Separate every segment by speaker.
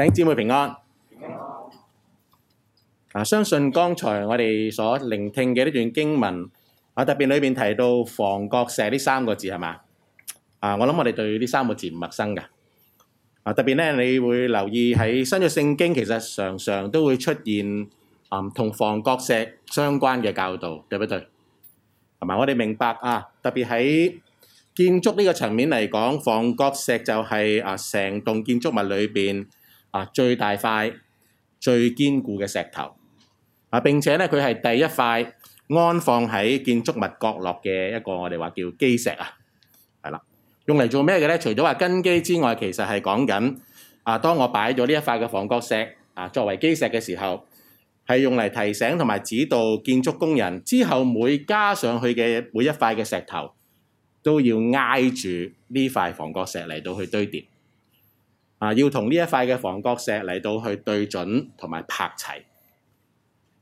Speaker 1: 弟姊妹平安啊！相信剛才我哋所聆聽嘅呢段經文，啊特別裏邊提到房角石呢三個字係嘛啊？我諗我哋對呢三個字唔陌生噶啊！特別咧，你會留意喺新約聖經其實常常都會出現啊同房角石相關嘅教導，對不對？係嘛我哋明白啊，特別喺建築呢個層面嚟講，房角石就係啊成棟建築物裏邊。啊，最大塊、最堅固嘅石頭啊！並且呢，佢係第一塊安放喺建築物角落嘅一個我哋話叫基石啊，係啦，用嚟做咩嘅呢？除咗話根基之外，其實係講緊啊！當我擺咗呢一塊嘅房角石啊，作為基石嘅時候，係用嚟提醒同埋指導建築工人之後每加上去嘅每一塊嘅石頭都要挨住呢塊房角石嚟到去堆疊。啊，要同呢一塊嘅房角石嚟到去對準同埋拍齊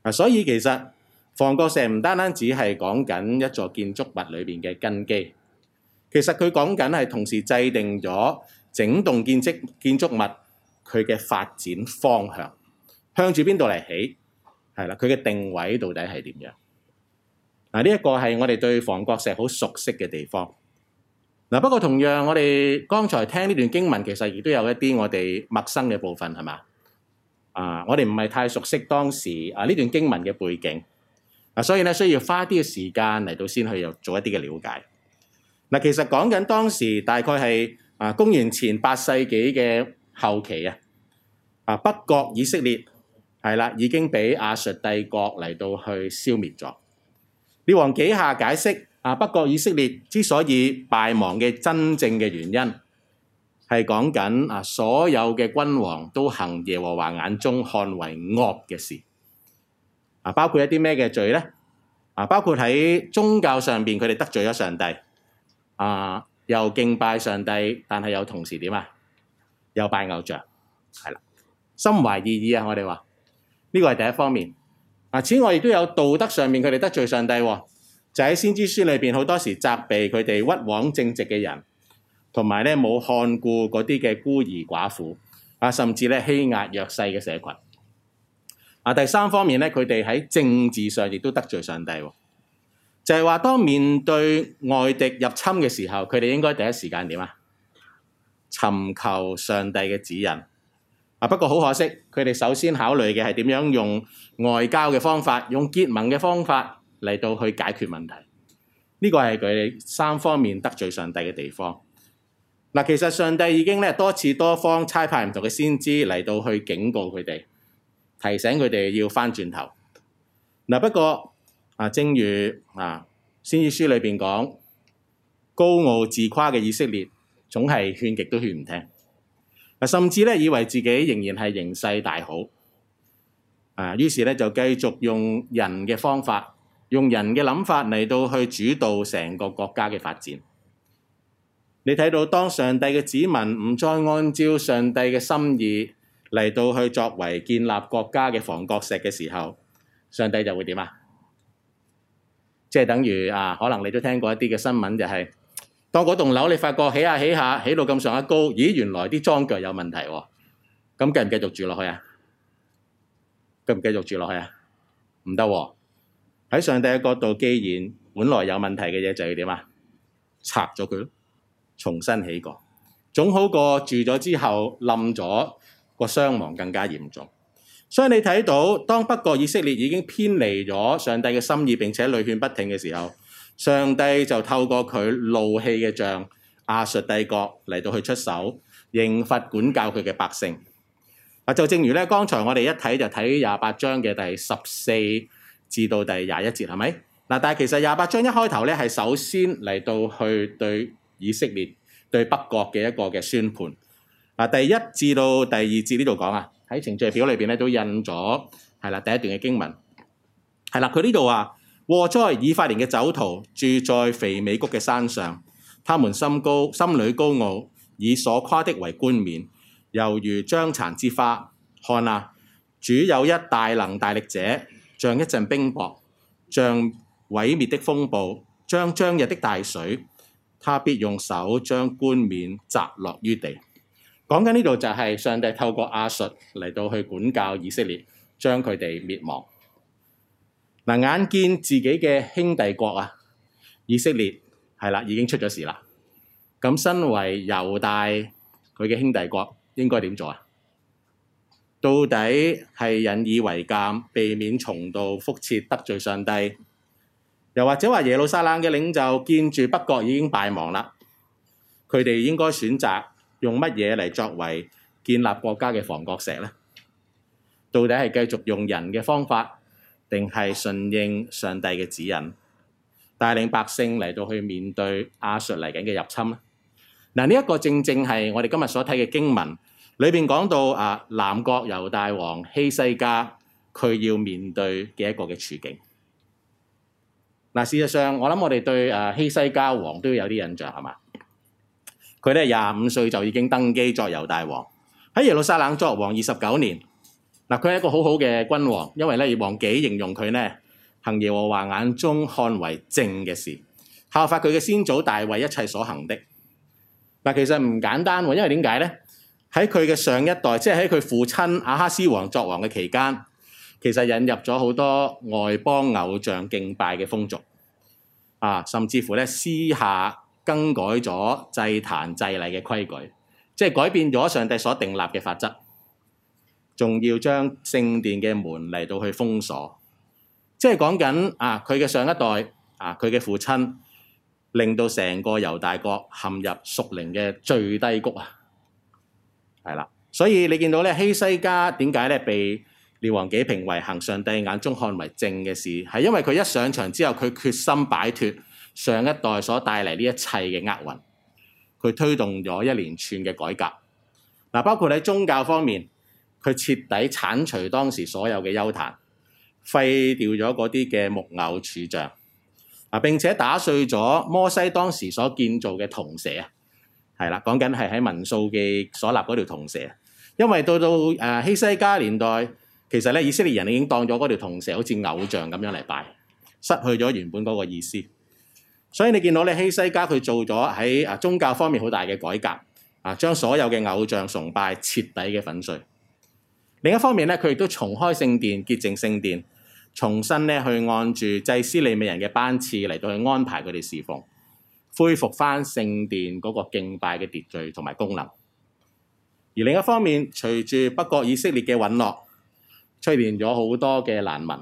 Speaker 1: 啊！所以其實房角石唔單單只係講緊一座建築物裏邊嘅根基，其實佢講緊係同時制定咗整棟建築建築物佢嘅發展方向，向住邊度嚟起，係啦，佢嘅定位到底係點樣？嗱、啊，呢、這、一個係我哋對房角石好熟悉嘅地方。嗱，不過同樣，我哋剛才聽呢段經文，其實亦都有一啲我哋陌生嘅部分，係嘛？啊，我哋唔係太熟悉當時啊呢段經文嘅背景，嗱、啊，所以呢，需要花一啲嘅時間嚟到先去做一啲嘅了解。嗱、啊，其實講緊當時大概係啊公元前八世紀嘅後期啊，啊北國以色列係啦，已經俾亞述帝國嚟到去消滅咗。列王幾下解釋。啊！不過以色列之所以敗亡嘅真正嘅原因，係講緊啊，所有嘅君王都行耶和華眼中看為惡嘅事。啊，包括一啲咩嘅罪咧？啊，包括喺宗教上面佢哋得罪咗上帝。啊，又敬拜上帝，但係又同時點啊？又拜偶像，係啦，心懷二意啊！我哋話呢個係第一方面。啊，此外亦都有道德上面佢哋得罪上帝喎。就喺先知書裏面，好多時責備佢哋屈枉正直嘅人，同埋咧冇看顧嗰啲嘅孤兒寡婦啊，甚至咧欺壓弱勢嘅社群。啊，第三方面呢，佢哋喺政治上亦都得罪上帝，就係話當面對外敵入侵嘅時候，佢哋應該第一時間點啊？尋求上帝嘅指引啊！不過好可惜，佢哋首先考慮嘅係點樣用外交嘅方法，用結盟嘅方法。嚟到去解決問題，呢、這個係佢哋三方面得罪上帝嘅地方。嗱，其實上帝已經咧多次多方差派唔同嘅先知嚟到去警告佢哋，提醒佢哋要翻轉頭。嗱，不過啊，正如啊，先知書裏面講，高傲自誇嘅以色列總係勸極都勸唔聽。甚至咧以為自己仍然係形勢大好，啊，於是呢，就繼續用人嘅方法。用人嘅諗法嚟到去主導成個國家嘅發展，你睇到當上帝嘅子民唔再按照上帝嘅心意嚟到去作為建立國家嘅房角石嘅時候，上帝就會點啊？即係等於啊，可能你都聽過一啲嘅新聞，就是，就係當嗰棟樓你發覺起下起下起到咁上下高，咦，原來啲樁腳有問題喎，啊，咁繼唔繼續住落去啊？繼唔繼續住落去不行啊？唔得。喺上帝嘅角度，既然本來有問題嘅嘢，就要點啊？拆咗佢咯，重新起過，總好過住咗之後冧咗，個傷亡更加嚴重。所以你睇到，當不過以色列已經偏離咗上帝嘅心意，並且屢勸不聽嘅時候，上帝就透過佢怒氣嘅杖，亞述帝國嚟到去出手懲罰管教佢嘅百姓。嗱就正如咧，剛才我哋一睇就睇廿八章嘅第十四，至到第廿一節係咪嗱？但係其實廿八章一開頭咧，係首先嚟到去對以色列對北國嘅一個嘅宣判嗱。第一至到第二節呢度講啊，喺程序表裏邊咧都印咗係啦。第一段嘅經文係啦，佢呢度話：禍災以法蓮嘅酒徒住在肥美谷嘅山上，他們心高心裏高傲，以所誇的為冠冕，猶如將殘之花。看啊，主有一大能大力者。像一陣冰雹，像毀滅的風暴，像漲溢的大水，他必用手將冠冕砸落於地。講緊呢度就係上帝透過亞述嚟到去管教以色列，將佢哋滅亡。眼見自己嘅兄弟國啊，以色列係啦，已經出咗事啦。咁身為猶大佢嘅兄弟國應該，應該點做啊？到底係引以為鑒，避免重蹈覆轍，得罪上帝，又或者話耶路撒冷嘅領袖見住北國已經敗亡啦，佢哋應該選擇用乜嘢嚟作為建立國家嘅房角石呢？到底係繼續用人嘅方法，定係順應上帝嘅指引，帶領百姓嚟到去面對亞述嚟緊嘅入侵咧？嗱，呢一個正正係我哋今日所睇嘅經文。裏邊講到啊，南國猶大王希西家，佢要面對嘅一個嘅處境。嗱，事實上我諗我哋對誒希西家王都有啲印象，係嘛？佢咧廿五歲就已經登基作猶大王，喺耶路撒冷作王二十九年。嗱，佢係一個好好嘅君王，因為咧，王紀形容佢咧，行耶和華眼中看為正嘅事，效法佢嘅先祖大衛一切所行的。嗱，其實唔簡單喎，因為點解咧？喺佢嘅上一代，即係喺佢父親亞哈斯王作王嘅期間，其實引入咗好多外邦偶像敬拜嘅風俗，啊，甚至乎咧私下更改咗祭壇祭禮嘅規矩，即係改變咗上帝所訂立嘅法則，仲要將聖殿嘅門嚟到去封鎖，即係講緊啊佢嘅上一代啊佢嘅父親令到成個猶大國陷入屬靈嘅最低谷啊！係啦，所以你見到咧希西家點解咧被列王紀評為行上帝眼中看為正嘅事，係因為佢一上場之後，佢決心擺脫上一代所帶嚟呢一切嘅厄運，佢推動咗一連串嘅改革。嗱，包括喺宗教方面，佢徹底剷除當時所有嘅邱壇，廢掉咗嗰啲嘅木偶柱像啊，並且打碎咗摩西當時所建造嘅銅蛇啊。係啦，講緊係喺民數嘅所立嗰條銅蛇，因為到到誒、呃、希西家年代，其實咧以色列人已經當咗嗰條銅蛇好似偶像咁樣嚟拜，失去咗原本嗰個意思。所以你見到咧希西家佢做咗喺誒宗教方面好大嘅改革，啊，將所有嘅偶像崇拜徹底嘅粉碎。另一方面咧，佢亦都重開聖殿，潔淨聖殿，重新咧去按住祭司利未人嘅班次嚟到去安排佢哋侍奉。恢復翻聖殿嗰個敬拜嘅秩序同埋功能，而另一方面，隨住北國以色列嘅隕落，出現咗好多嘅難民，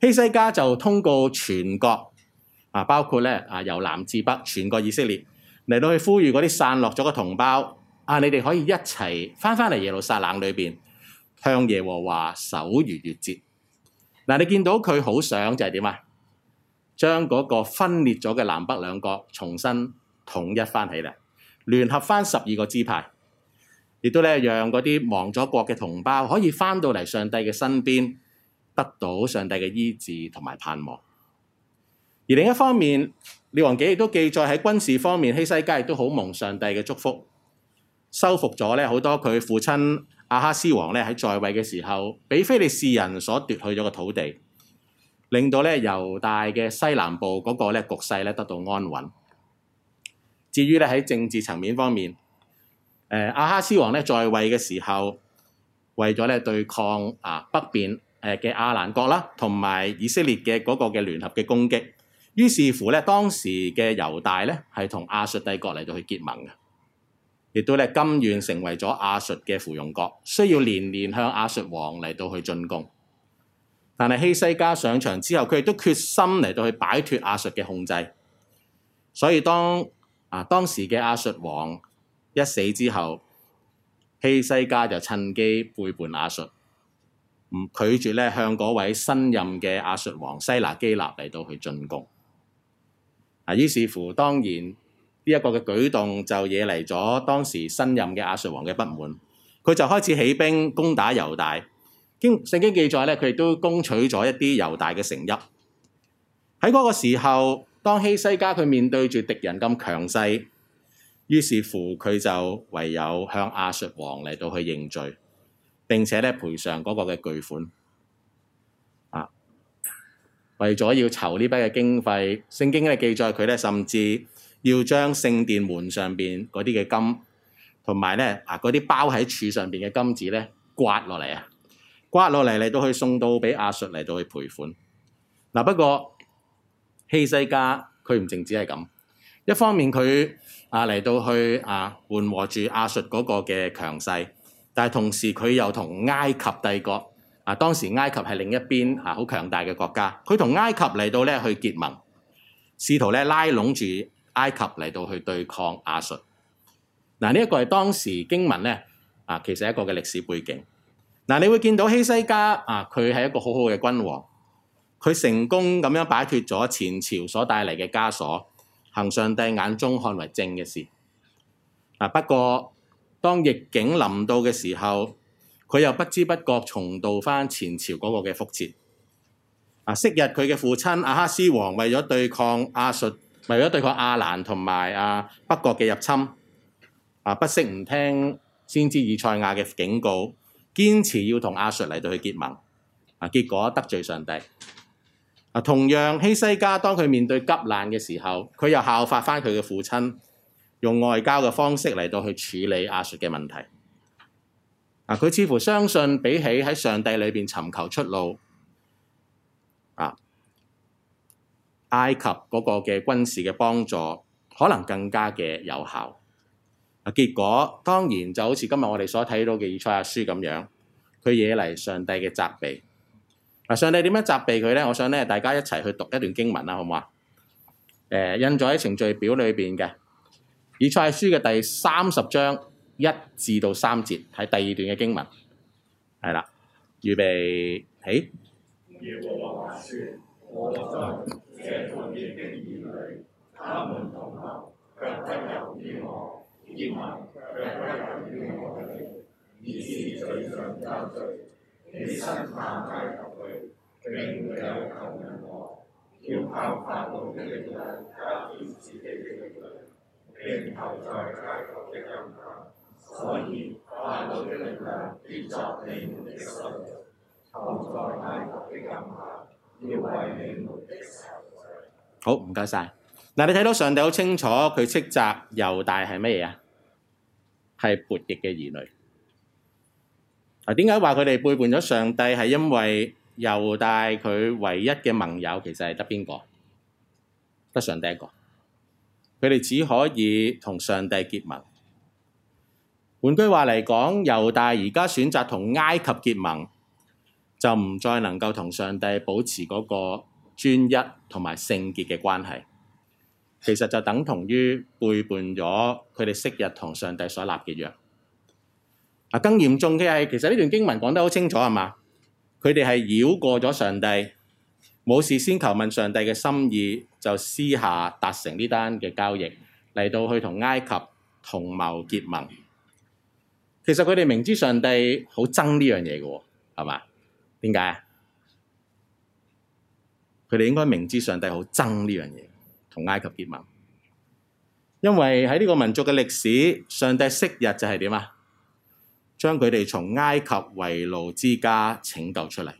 Speaker 1: 希西家就通告全國啊，包括咧啊，由南至北，全國以色列嚟到去呼籲嗰啲散落咗嘅同胞啊，你哋可以一齊翻返嚟耶路撒冷裏邊，向耶和華守逾越節。嗱、啊，你見到佢好想就係點啊？將嗰個分裂咗嘅南北兩國重新統一翻起嚟，聯合翻十二個支派，亦都咧讓嗰啲亡咗國嘅同胞可以翻到嚟上帝嘅身邊，得到上帝嘅醫治同埋盼望。而另一方面，列王紀亦都記載喺軍事方面，希西家亦都好蒙上帝嘅祝福，收復咗咧好多佢父親亞哈斯王咧喺在位嘅時候，俾非利士人所奪去咗嘅土地。令到咧猶大嘅西南部嗰個咧局勢咧得到安穩。至於咧喺政治層面方面，誒亞哈斯王咧在位嘅時候，為咗咧對抗啊北邊誒嘅亞蘭國啦，同埋以色列嘅嗰個嘅聯合嘅攻擊，於是乎咧當時嘅猶大咧係同亞述帝國嚟到去結盟嘅，亦都咧甘願成為咗亞述嘅附庸國，需要年年向亞述王嚟到去進貢。但係希西家上場之後，佢亦都決心嚟到去擺脫亞述嘅控制。所以當啊當時嘅亞述王一死之後，希西家就趁機背叛亞述，拒絕咧向嗰位新任嘅亞述王西拿基立嚟到去進攻。啊，於是乎當然呢一個嘅舉動就惹嚟咗當時新任嘅亞述王嘅不滿，佢就開始起兵攻打猶大。經聖經記載咧，佢亦都攻取咗一啲猶大嘅城邑。喺嗰個時候，當希西家佢面對住敵人咁強勢，於是乎佢就唯有向亞述王嚟到去認罪，並且咧賠償嗰個嘅巨款。啊，為咗要籌呢筆嘅經費，聖經咧記載佢咧甚至要將聖殿門上邊嗰啲嘅金，同埋咧啊嗰啲包喺柱上邊嘅金子咧刮落嚟啊！刮落嚟嚟到去送到俾亞述嚟到去賠款，啊。不過希西家佢唔淨止係咁，一方面佢啊嚟到去啊緩和住亞述嗰個嘅強勢，但係同時佢又同埃及帝國啊，當時埃及係另一邊啊好強大嘅國家，佢同埃及嚟到咧去結盟，試圖咧拉攏住埃及嚟到去對抗亞述。嗱，呢一個係當時經文呢，啊，其實係一個嘅歷史背景。嗱，你會見到希西家啊，佢係一個好好嘅君王，佢成功咁樣擺脫咗前朝所帶嚟嘅枷鎖，行上帝眼中看為正嘅事。嗱、啊，不過當逆境臨到嘅時候，佢又不知不覺重蹈翻前朝嗰個嘅覆轍。啊，昔日佢嘅父親阿哈斯王為咗對抗亞述，為咗對抗亞蘭同埋啊，北國嘅入侵，啊，不惜唔聽先知以賽亞嘅警告。堅持要同亞述嚟到去結盟，啊，結果得罪上帝。啊，同樣希西家當佢面對急難嘅時候，佢又效法返佢嘅父親，用外交嘅方式嚟到去處理亞述嘅問題。啊，佢似乎相信比起喺上帝裏邊尋求出路，啊，埃及嗰個嘅軍事嘅幫助可能更加嘅有效。啊！結果當然就好似今日我哋所睇到嘅以賽亞書咁樣，佢惹嚟上帝嘅責備。嗱，上帝點樣責備佢咧？我想咧，大家一齊去讀一段經文啦，好唔好啊？誒、呃，印咗喺程序表裏邊嘅以賽亞書嘅第三十章一至到三節，喺第二段嘅經文，係啦，預備，起。 結盟，但不求幫助，而是嘴上交稅。起身下埃及去，並沒有求問我，要靠法老的力量加添自己的力量，並投在埃及的蔭下。所以法老的力量必作你們的羞辱，投在埃及的蔭下要為你們的慚愧。好，唔該晒。嗱，你睇到上帝好清楚，佢斥責猶大係乜嘢啊？係叛逆嘅兒女。嗱，點解話佢哋背叛咗上帝？係因為猶大佢唯一嘅盟友，其實係得邊個？得上帝一個。佢哋只可以同上帝結盟。換句話嚟講，猶大而家選擇同埃及結盟，就唔再能夠同上帝保持嗰個專一同埋聖潔嘅關係。其實就等同於背叛咗佢哋昔日同上帝所立嘅約。更嚴重嘅係，其實呢段經文講得好清楚，係嘛？佢哋係繞過咗上帝，冇事先求問上帝嘅心意，就私下達成呢單嘅交易，嚟到去同埃及同謀結盟。其實佢哋明知上帝好憎呢樣嘢嘅，係嘛？點解啊？佢哋應該明知上帝好憎呢樣嘢。同埃及結盟，因為喺呢個民族嘅歷史，上帝昔日就係點啊？將佢哋從埃及為奴之家拯救出嚟，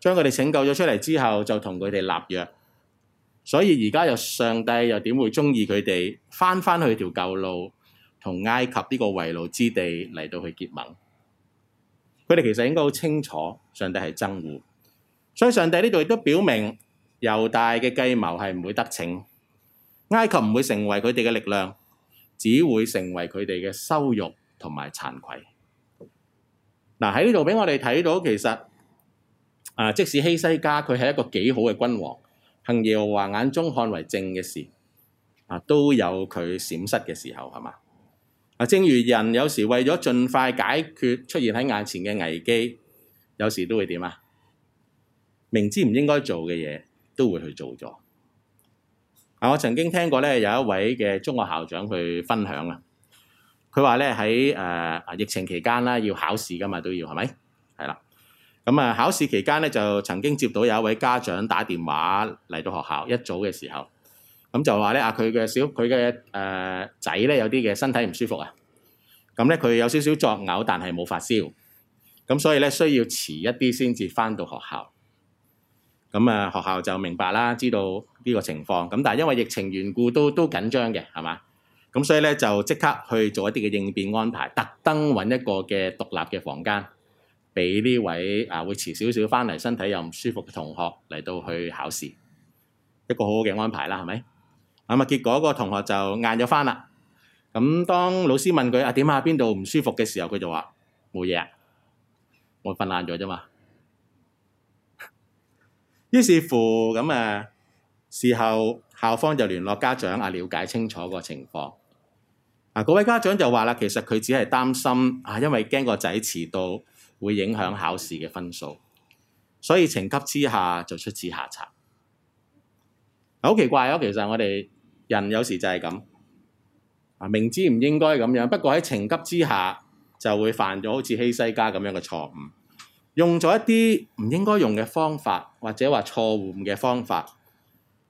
Speaker 1: 將佢哋拯救咗出嚟之後，就同佢哋立約。所以而家又上帝又點會鍾意佢哋翻返去條舊路，同埃及呢個為奴之地嚟到去結盟？佢哋其實應該好清楚，上帝係憎惡。所以上帝呢度亦都表明。猶大嘅計謀係唔會得逞，埃及唔會成為佢哋嘅力量，只會成為佢哋嘅羞辱同埋慚愧。嗱，喺呢度俾我哋睇到，其實啊，即使希西家佢係一個幾好嘅君王，行耶和華眼中看為正嘅事，啊都有佢閃失嘅時候，係嘛？啊，正如人有時為咗盡快解決出現喺眼前嘅危機，有時都會點啊？明知唔應該做嘅嘢，都會去做咗。啊，我曾經聽過咧有一位嘅中學校長去分享啊。佢話咧喺誒疫情期間啦，要考試噶嘛都要係咪？係啦。咁啊、嗯、考試期間咧就曾經接到有一位家長打電話嚟到學校一早嘅時候，咁、嗯、就話咧啊佢嘅小佢嘅誒仔咧有啲嘅身體唔舒服啊。咁咧佢有少少作嘔，但係冇發燒。咁、嗯、所以咧需要遲一啲先至翻到學校。咁啊、嗯，學校就明白啦，知道呢個情況。咁但係因為疫情緣故都，都都緊張嘅，係嘛？咁所以咧就即刻去做一啲嘅應變安排，特登揾一個嘅獨立嘅房間，俾呢位啊會遲少少翻嚟、身體又唔舒服嘅同學嚟到去考試，一個好好嘅安排啦，係咪？咁、嗯、啊，結果個同學就晏咗翻啦。咁、嗯、當老師問佢啊點啊邊度唔舒服嘅時候，佢就話冇嘢啊，我瞓爛咗啫嘛。於是乎咁啊，事後校方就聯絡家長啊，了解清楚個情況。嗱，啊，嗰位家長就話啦，其實佢只係擔心啊，因為驚個仔遲到會影響考試嘅分數，所以情急之下就出此下策。好奇怪咯，啊，其實我哋人有時就係咁啊，明知唔應該咁樣，不過喺情急之下就會犯咗好似希西家咁樣嘅錯誤。用咗一啲唔應該用嘅方法，或者話錯誤嘅方法，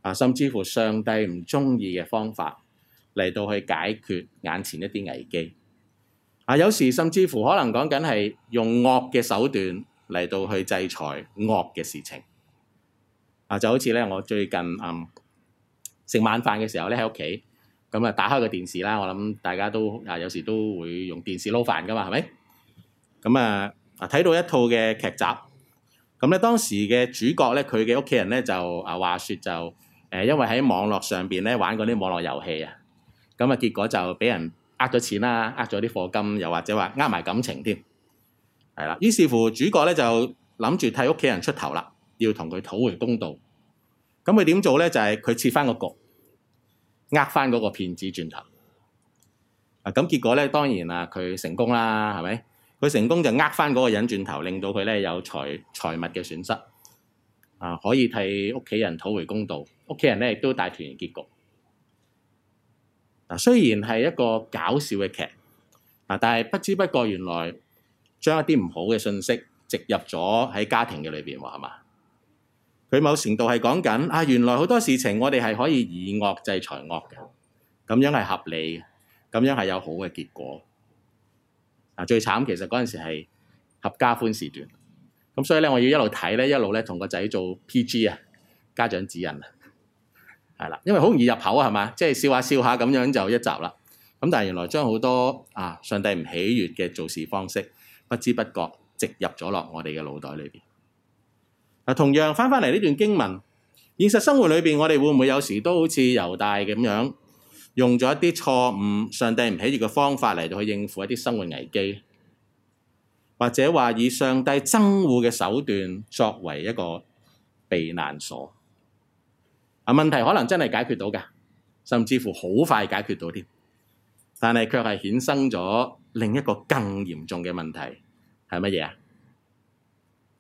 Speaker 1: 啊，甚至乎上帝唔中意嘅方法嚟到去解決眼前一啲危機。啊，有時甚至乎可能講緊係用惡嘅手段嚟到去制裁惡嘅事情。啊，就好似咧，我最近嗯食晚飯嘅時候咧喺屋企，咁啊、嗯、打開個電視啦，我諗大家都啊有時都會用電視撈飯噶嘛，係咪？咁、嗯、啊～啊！睇到一套嘅劇集，咁咧當時嘅主角咧，佢嘅屋企人咧就啊話説就誒，因為喺網絡上邊咧玩嗰啲網絡遊戲啊，咁啊結果就俾人呃咗錢啦，呃咗啲課金，又或者話呃埋感情添，係啦。於是乎主角咧就諗住替屋企人出頭啦，要同佢討回公道。咁佢點做咧？就係佢設翻個局，呃翻嗰個騙子轉頭。啊咁結果咧，當然啊佢成功啦，係咪？佢成功就呃返嗰個人轉頭，令到佢咧有財財物嘅損失，啊可以替屋企人討回公道，屋企人咧亦都大團圓結局。嗱、啊，雖然係一個搞笑嘅劇，啊，但係不知不覺原來將一啲唔好嘅信息植入咗喺家庭嘅裏邊，話係嘛？佢某程度係講緊啊，原來好多事情我哋係可以以惡制裁惡嘅，咁樣係合理嘅，咁樣係有好嘅結果。嗱，最慘其實嗰陣時係合家歡時段，咁所以咧，我要一路睇一路咧同個仔做 PG 啊，家長指引啊，係啦，因為好容易入口啊，係嘛，即係笑下笑下咁樣就一集啦。咁但係原來將好多啊上帝唔喜悅嘅做事方式，不知不覺植入咗落我哋嘅腦袋裏邊。同樣翻翻嚟呢段經文，現實生活裏邊，我哋會唔會有時都好似猶大咁樣？用咗一啲錯誤、上帝唔喜悅嘅方法嚟到去應付一啲生活危機，或者話以上帝憎惡嘅手段作為一個避難所。啊，問題可能真係解決到嘅，甚至乎好快解決到添。但係卻係衍生咗另一個更嚴重嘅問題，係乜嘢啊？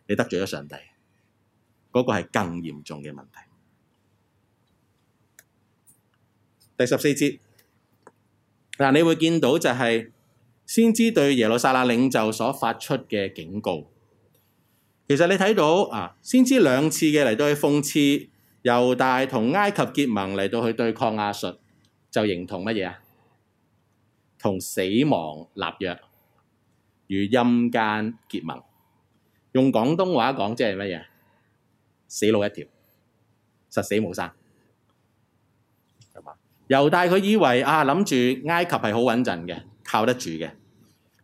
Speaker 1: 你得罪咗上帝，嗰、那個係更嚴重嘅問題。第十四節嗱，你會見到就係先知對耶路撒冷領袖所發出嘅警告。其實你睇到啊，先知兩次嘅嚟到去諷刺猶大同埃及結盟嚟到去對抗亞述，就形同乜嘢啊？同死亡立約，與陰間結盟。用廣東話講，即係乜嘢？死路一條，實死無生。猶大佢以為啊，諗住埃及係好穩陣嘅，靠得住嘅，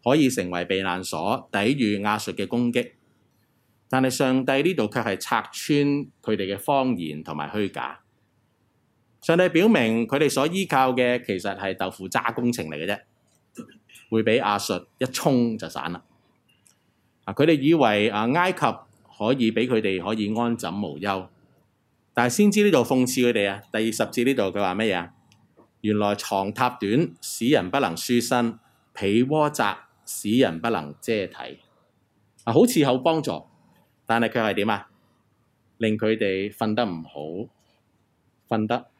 Speaker 1: 可以成為避難所，抵禦亞述嘅攻擊。但係上帝呢度卻係拆穿佢哋嘅謊言同埋虛假。上帝表明佢哋所依靠嘅其實係豆腐渣工程嚟嘅啫，會俾亞述一衝就散啦。啊！佢哋以為啊，埃及可以俾佢哋可以安枕無憂，但係先知呢度諷刺佢哋啊。第十節呢度佢話乜嘢啊？原來床榻短，使人不能舒身；被窩窄，使人不能遮體。好似有幫助，但係佢係點啊？令佢哋瞓得唔好，瞓得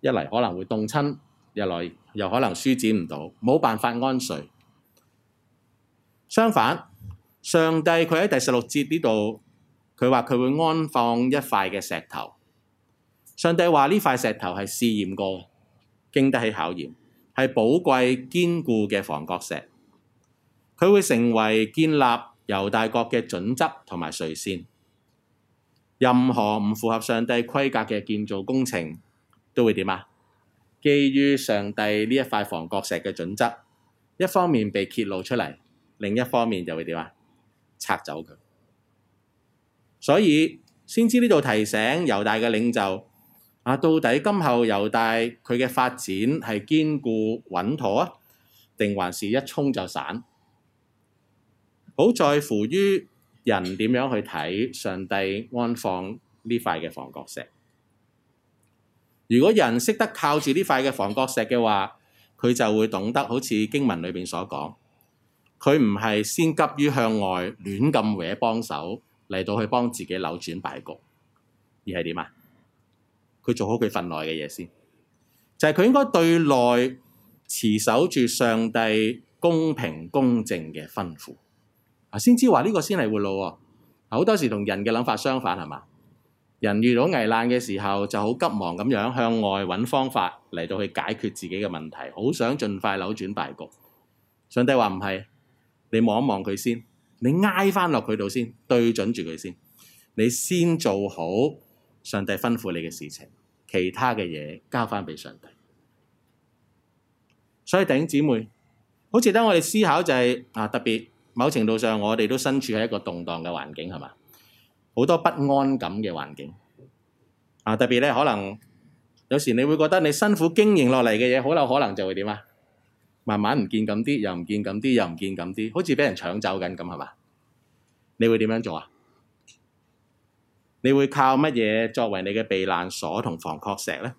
Speaker 1: 一嚟可能會凍親，一來又可能舒展唔到，冇辦法安睡。相反，上帝佢喺第十六節呢度，佢話佢會安放一塊嘅石頭。上帝話呢塊石頭係試驗過。經得起考驗，係寶貴堅固嘅房角石，佢會成為建立猶大國嘅準則同埋垂線。任何唔符合上帝規格嘅建造工程都會點啊？基於上帝呢一塊房角石嘅準則，一方面被揭露出嚟，另一方面就會點啊？拆走佢。所以先知呢度提醒猶大嘅領袖。啊！到底今後猶大佢嘅發展係堅固穩妥啊，定還是一衝就散？好在乎於人點樣去睇上帝安放呢塊嘅房角石。如果人識得靠住呢塊嘅房角石嘅話，佢就會懂得好似經文裏邊所講，佢唔係先急於向外亂咁搲幫手嚟到去幫自己扭轉敗局，而係點啊？佢做好佢份內嘅嘢先，就係、是、佢應該對內持守住上帝公平公正嘅吩咐，啊，先知話呢個先係活路喎、哦。好多時同人嘅諗法相反係咪？人遇到危難嘅時候就好急忙咁樣向外揾方法嚟到去解決自己嘅問題，好想盡快扭轉大局。上帝話唔係，你望一望佢先，你挨翻落佢度先，對準住佢先，你先做好。上帝吩咐你嘅事情，其他嘅嘢交翻俾上帝。所以弟兄姊妹，好似等我哋思考就係、是、啊，特別某程度上，我哋都身處喺一個動盪嘅環境，係嘛？好多不安感嘅環境啊，特別呢，可能有時你會覺得你辛苦經營落嚟嘅嘢，好有可能就會點啊？慢慢唔見咁啲，又唔見咁啲，又唔見咁啲，好似俾人搶走緊咁，係嘛？你會點樣做啊？你會靠乜嘢作為你嘅避難所同房角石咧？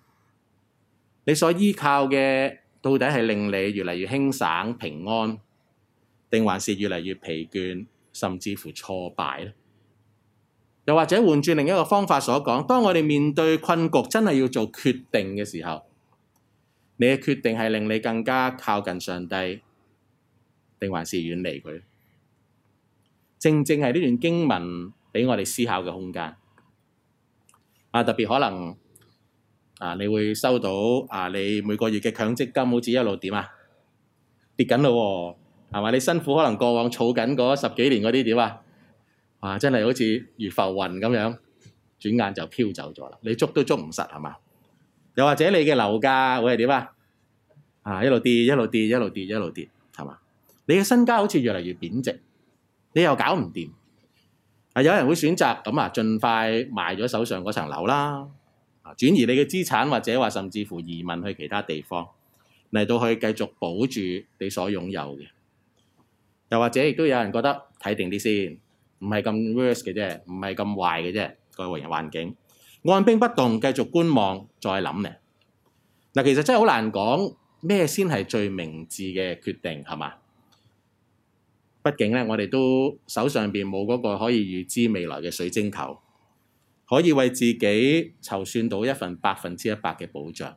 Speaker 1: 你所依靠嘅到底係令你越嚟越輕省平安，定還是越嚟越疲倦，甚至乎挫敗咧？又或者換轉另一個方法所講，當我哋面對困局，真係要做決定嘅時候，你嘅決定係令你更加靠近上帝，定還是遠離佢？正正係呢段經文畀我哋思考嘅空間。啊！特別可能啊，你會收到啊，你每個月嘅強積金好似一路點啊，跌緊咯喎，係嘛？你辛苦可能過往儲緊嗰十幾年嗰啲點啊？啊，真係好似如浮雲咁樣，轉眼就飄走咗啦！你捉都捉唔實係嘛？又或者你嘅樓價會係點啊？啊，一路跌，一路跌，一路跌，一路跌，係嘛？你嘅身家好似越嚟越貶值，你又搞唔掂。啊！有人會選擇咁、啊、盡快賣咗手上嗰層樓啦，啊，轉移你嘅資產，或者甚至乎移民去其他地方，嚟到可繼續保住你所擁有嘅。又或者亦都有人覺得睇定啲先點，唔係咁 worse 嘅啫，唔係咁壞嘅啫個環環境，按兵不動繼續觀望再諗咧、啊。其實真係好難講咩先係最明智嘅決定，係嘛？畢竟咧，我哋都手上邊冇嗰個可以預知未來嘅水晶球，可以為自己籌算到一份百分之一百嘅保障。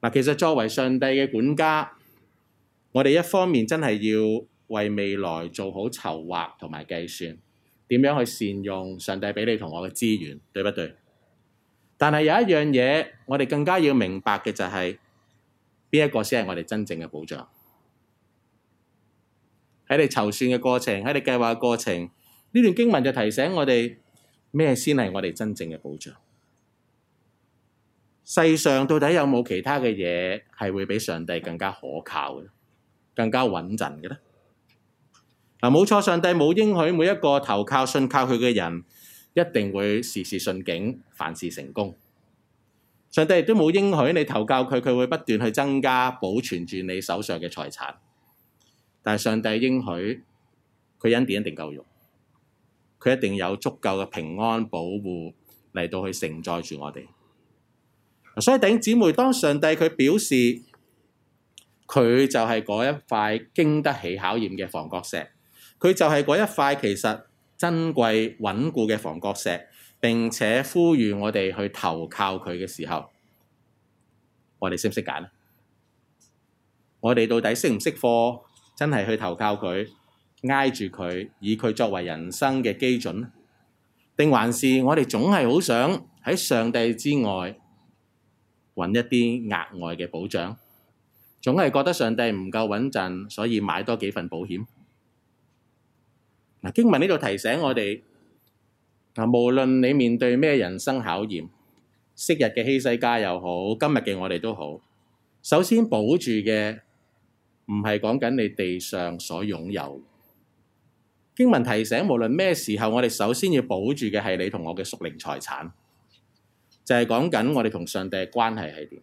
Speaker 1: 嗱，其實作為上帝嘅管家，我哋一方面真係要為未來做好籌劃同埋計算，點樣去善用上帝俾你同我嘅資源，對唔對？但係有一樣嘢，我哋更加要明白嘅就係、是、邊一個先係我哋真正嘅保障？喺你籌算嘅過程，喺你計劃嘅過程，呢段經文就提醒我哋咩先係我哋真正嘅保障？世上到底有冇其他嘅嘢係會比上帝更加可靠嘅，更加穩陣嘅咧？嗱、啊，冇錯，上帝冇應許每一個投靠信靠佢嘅人，一定會事事順境，凡事成功。上帝亦都冇應許你投靠佢，佢會不斷去增加保存住你手上嘅財產。但上帝應許佢恩典一定夠用，佢一定有足夠嘅平安保護嚟，到去承載住我哋。所以頂姊妹，當上帝佢表示佢就係嗰一塊經得起考驗嘅房角石，佢就係嗰一塊其實珍貴穩固嘅房角石，並且呼籲我哋去投靠佢嘅時候，我哋識唔識揀？我哋到底識唔識貨？真係去投靠佢，挨住佢，以佢作為人生嘅基準，定還是我哋總係好想喺上帝之外搵一啲額外嘅保障，總係覺得上帝唔夠穩陣，所以買多幾份保險。嗱，經文呢度提醒我哋，嗱，無論你面對咩人生考驗，昔日嘅希西家又好，今日嘅我哋都好，首先保住嘅。唔係講緊你地上所擁有。經文提醒，無論咩時候，我哋首先要保住嘅係你同我嘅屬靈財產，就係講緊我哋同上帝嘅關係係點。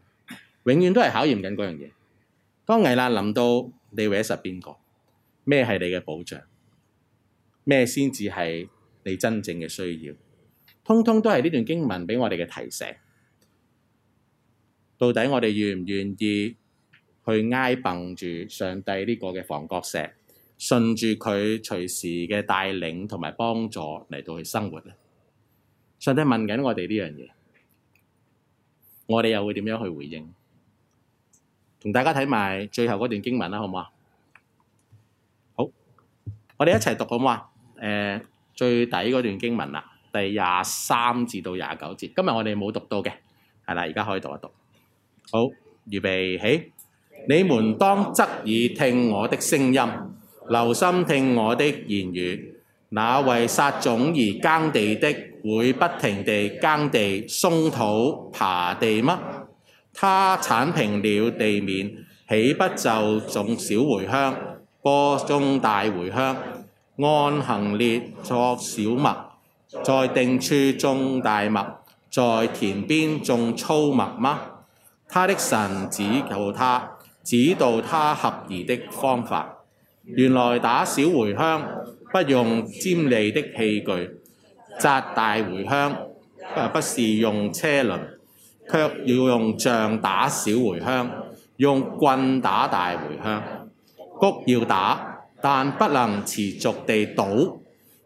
Speaker 1: 永遠都係考驗緊嗰樣嘢。當危難臨到你，你會揸實邊個？咩係你嘅保障？咩先至係你真正嘅需要？通通都係呢段經文畀我哋嘅提醒。到底我哋願唔願意？去挨傍住上帝呢個嘅房角石,順住佢隨時嘅帶領同埋幫助,嚟到去生活咧。上帝問緊我哋呢樣嘢,我哋又會點樣去回應?同大家睇埋最後嗰段經文啦,好唔好啊?好,我哋一齊讀,好唔好啊?呃最底嗰段經文啦第你們當側耳聽我的聲音，留心聽我的言語。那位撒種而耕地的，會不停地耕地、鬆土、耙地嗎？他剷平了地面，豈不就種小茴香、播種大茴香、按行列作小麥，在定處種大麥，在田邊種粗麥嗎？他的神指教他。指導他合宜的方法。原來打小茴香不用尖利的器具，砸大茴香不是用車輪，卻要用杖打小茴香，用棍打大茴香。穀要打，但不能持續地倒，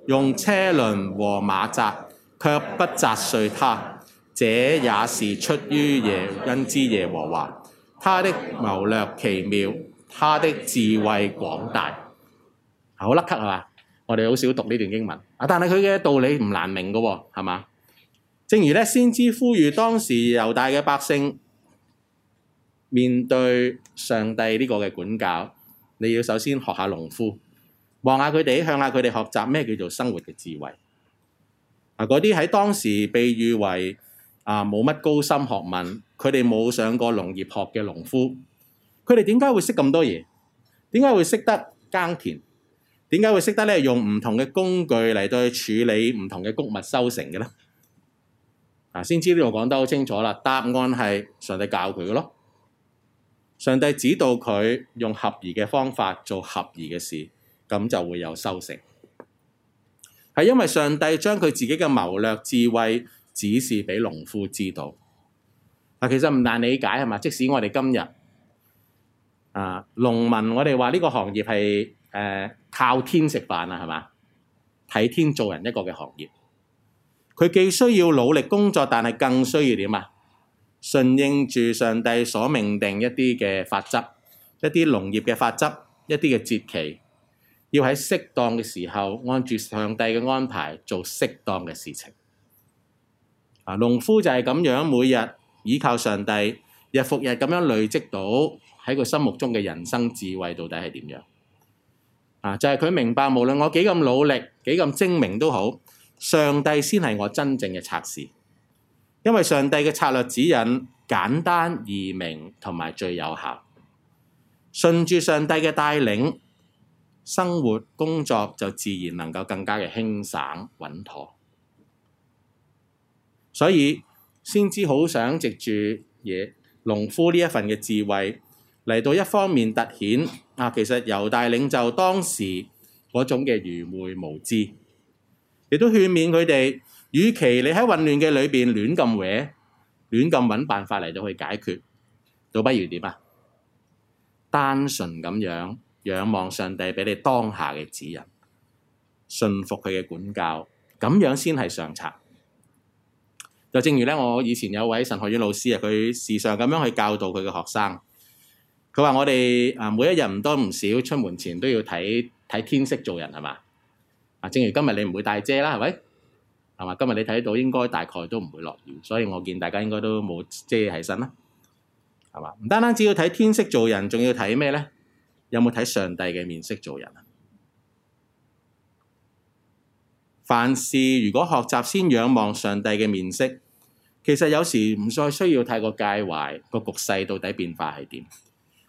Speaker 1: 用車輪和馬扎，卻不砸碎它。這也是出於萬軍之耶和華。他的謀略奇妙，他的智慧廣大，好甩咳係嘛？我哋好少讀呢段經文，但係佢嘅道理唔難明嘅喎，係嘛？正如呢，先知呼籲當時猶大嘅百姓面對上帝呢個嘅管教，你要首先學下農夫，望下佢哋，向下佢哋學習咩叫做生活嘅智慧。啊！嗰啲喺當時被譽為啊！冇乜高深學問，佢哋冇上過農業學嘅農夫，佢哋點解會識咁多嘢？點解會識得耕田？點解會識得咧？用唔同嘅工具嚟到去處理唔同嘅穀物收成嘅咧？先知呢度講得好清楚啦。答案係上帝教佢嘅咯，上帝指導佢用合宜嘅方法做合宜嘅事，咁就會有收成。係因為上帝將佢自己嘅謀略智慧。只是畀農夫知道，嗱、啊，其實唔難理解係嘛？即使我哋今日啊，農民，我哋話呢個行業係誒、呃、靠天食飯啊，係嘛？睇天做人一個嘅行業，佢既需要努力工作，但係更需要點啊？順應住上帝所命定一啲嘅法則，一啲農業嘅法則，一啲嘅節期，要喺適當嘅時候，按住上帝嘅安排做適當嘅事情。啊，農夫就係咁樣，每日倚靠上帝，日復日咁樣累積到喺佢心目中嘅人生智慧，到底係點樣？啊，就係、是、佢明白，無論我幾咁努力、幾咁精明都好，上帝先係我真正嘅策士，因為上帝嘅策略指引簡單易明同埋最有效，順住上帝嘅帶領，生活工作就自然能夠更加嘅輕省穩妥。所以先知好想藉住嘢農夫呢一份嘅智慧嚟到一方面突顯啊，其實猶大領袖當時嗰種嘅愚昧無知，亦都勸勉佢哋，與其你喺混亂嘅裏面亂咁搲，亂咁揾辦法嚟到去解決，倒不如點啊？單純咁樣仰望上帝俾你當下嘅指引，信服佢嘅管教，咁樣先係上策。就正如咧，我以前有位神學院老師啊，佢時常咁樣去教導佢嘅學生。佢話我哋啊，每一日唔多唔少，出門前都要睇睇天色做人係嘛啊。正如今日你唔會帶遮啦，係咪係嘛？今日你睇到應該大概都唔會落雨，所以我見大家應該都冇遮喺身啦，係嘛？唔單單只要睇天色做人，仲要睇咩咧？有冇睇上帝嘅面色做人啊？凡事如果學習先仰望上帝嘅面色，其實有時唔再需要太過介懷個局勢到底變化係點，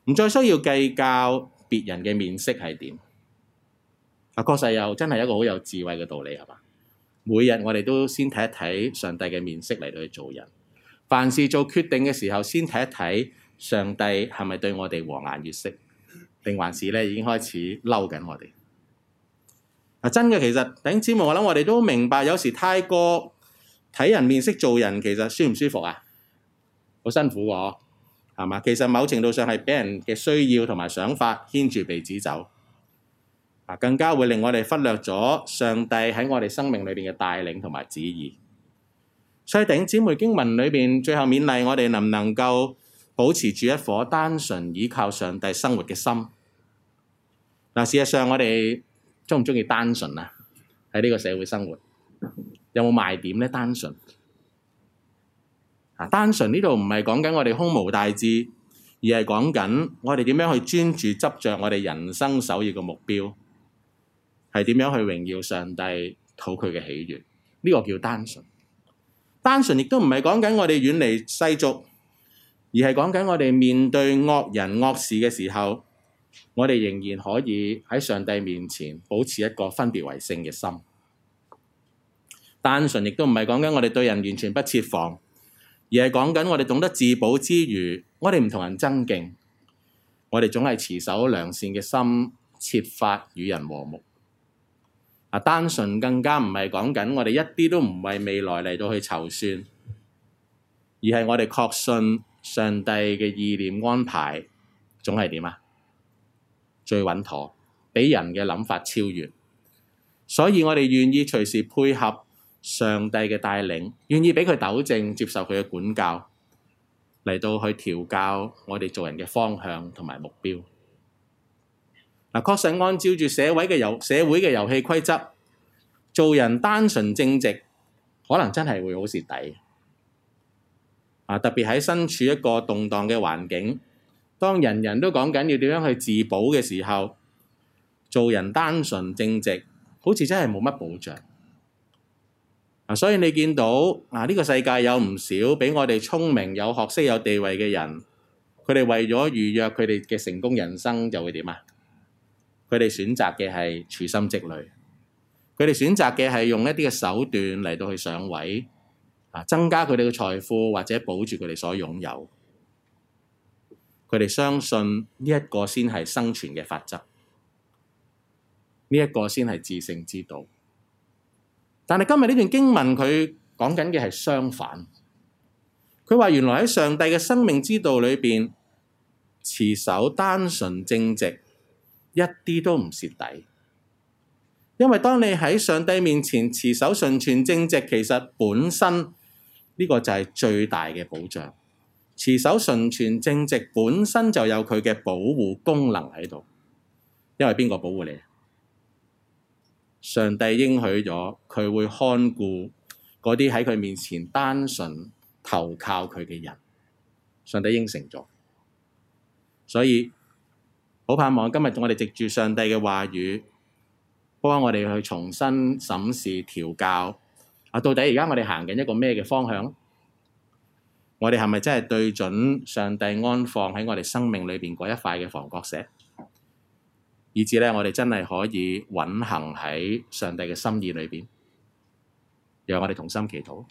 Speaker 1: 唔再需要計較別人嘅面色係點。啊，確實又真係一個好有智慧嘅道理係嘛？每日我哋都先睇一睇上帝嘅面色嚟到去做人，凡事做決定嘅時候先睇一睇上帝係咪對我哋和顏悅色，定還是咧已經開始嬲緊我哋。啊，真嘅，其實弟兄姊妹，我諗我哋都明白，有時太過睇人面色做人，其實舒唔舒服啊？好辛苦喎，係嘛？其實某程度上係俾人嘅需要同埋想法牽住鼻子走，啊，更加會令我哋忽略咗上帝喺我哋生命裏邊嘅帶領同埋旨意。所以弟兄姊妹，經文裏邊最後勉勵我哋，能唔能夠保持住一顆單純倚靠上帝生活嘅心？嗱，事實上我哋鍾唔鍾意單純啊？喺呢個社會生活有冇賣點咧？單純啊，單純呢度唔係講緊我哋胸無大志，而係講緊我哋點樣去專注執着我哋人生首要嘅目標，係點樣去榮耀上帝討、討佢嘅喜悅。呢個叫單純。單純亦都唔係講緊我哋遠離世俗，而係講緊我哋面對惡人惡事嘅時候。我哋仍然可以喺上帝面前保持一個分別為聖嘅心，單純亦都唔係講緊我哋對人完全不設防，而係講緊我哋懂得自保之餘，我哋唔同人爭競，我哋總係持守良善嘅心，設法與人和睦。啊，單純更加唔係講緊我哋一啲都唔為未來嚟到去籌算，而係我哋確信上帝嘅意念安排總係點啊？最穩妥，畀人嘅諗法超越，所以我哋願意隨時配合上帝嘅帶領，願意畀佢糾正，接受佢嘅管教，嚟到去調教我哋做人嘅方向同埋目標。嗱、啊，確實按照住社會嘅遊社會嘅遊戲規則，做人單純正直，可能真係會好蝕底。啊，特別喺身處一個動盪嘅環境。當人人都講緊要點樣去自保嘅時候，做人單純正直，好似真係冇乜保障。啊，所以你見到啊呢個世界有唔少比我哋聰明、有學識、有地位嘅人，佢哋為咗預約佢哋嘅成功人生，就會點啊？佢哋選擇嘅係處心積慮，佢哋選擇嘅係用一啲嘅手段嚟到去上位啊，增加佢哋嘅財富或者保住佢哋所擁有。佢哋相信呢一個先係生存嘅法則，呢、這、一個先係致勝之道。但係今日呢段經文佢講緊嘅係相反，佢話原來喺上帝嘅生命之道裏面，持守單純正直，一啲都唔蝕底。因為當你喺上帝面前持守純全正直，其實本身呢個就係最大嘅保障。持守純全正直本身就有佢嘅保護功能喺度，因為邊個保護你？上帝應許咗佢會看顧嗰啲喺佢面前單純投靠佢嘅人，上帝應承咗。所以好盼望今日我哋藉住上帝嘅話語，幫我哋去重新審視、調教啊，到底而家我哋行緊一個咩嘅方向？我哋係咪真係對準上帝安放喺我哋生命裏邊嗰一塊嘅房角石，以至咧我哋真係可以穩行喺上帝嘅心意裏邊，讓我哋同心祈禱。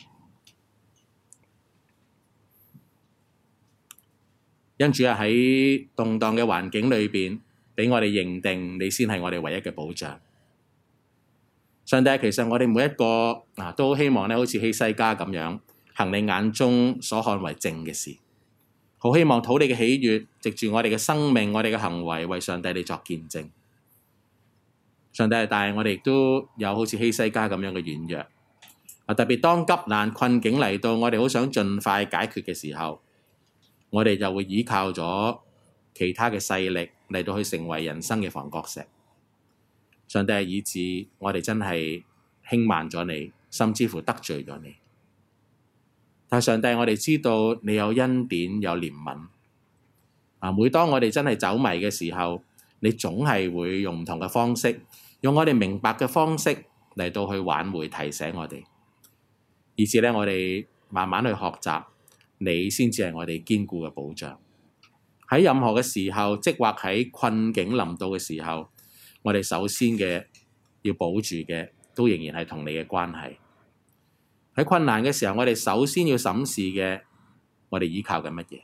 Speaker 1: 因主啊，喺動盪嘅環境裏邊，俾我哋認定你先係我哋唯一嘅保障。上帝，其實我哋每一個啊都好希望咧，好似希西家咁樣。行你眼中所看為正嘅事，好希望討你嘅喜悅，藉住我哋嘅生命，我哋嘅行為為上帝你作見證。上帝係，但係，我哋都有好似希西家咁樣嘅軟弱。特別當急難、困境嚟到，我哋好想盡快解決嘅時候，我哋就會依靠咗其他嘅勢力嚟到去成為人生嘅房角石。上帝係，以致我哋真係輕慢咗你，甚至乎得罪咗你。但上帝，我哋知道你有恩典，有憐憫。啊，每當我哋真係走迷嘅時候，你總係會用唔同嘅方式，用我哋明白嘅方式嚟到去挽回、提醒我哋。以至咧，我哋慢慢去學習，你先至係我哋堅固嘅保障。喺任何嘅時候，即或喺困境臨到嘅時候，我哋首先嘅要保住嘅，都仍然係同你嘅關係。喺困難嘅時候，我哋首先要審視嘅，我哋依靠緊乜嘢？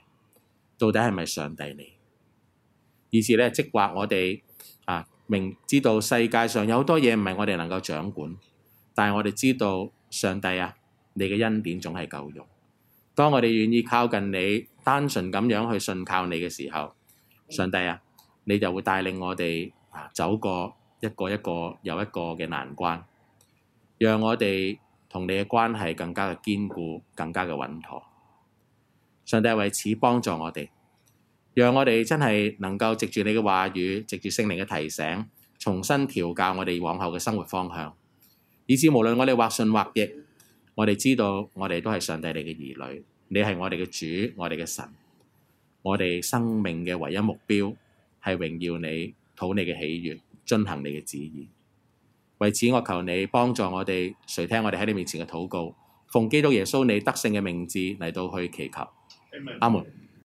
Speaker 1: 到底係咪上帝你？二是咧，即話我哋啊明知道世界上有好多嘢唔係我哋能夠掌管，但係我哋知道上帝啊，你嘅恩典總係夠用。當我哋願意靠近你，單純咁樣去信靠你嘅時候，上帝啊，你就會帶領我哋啊走過一個一個又一個嘅難關，讓我哋。同你嘅關係更加嘅堅固，更加嘅穩妥。上帝為此幫助我哋，讓我哋真係能夠藉住你嘅話語，藉住聖靈嘅提醒，重新調教我哋往後嘅生活方向，以至無論我哋或順或逆，我哋知道我哋都係上帝你嘅兒女，你係我哋嘅主，我哋嘅神。我哋生命嘅唯一目標係榮耀你，討你嘅喜悦，遵行你嘅旨意。為此，我求你幫助我哋，垂聽我哋喺你面前嘅禱告，奉基督耶穌你得勝嘅名字嚟到去祈求，阿門 Amen.。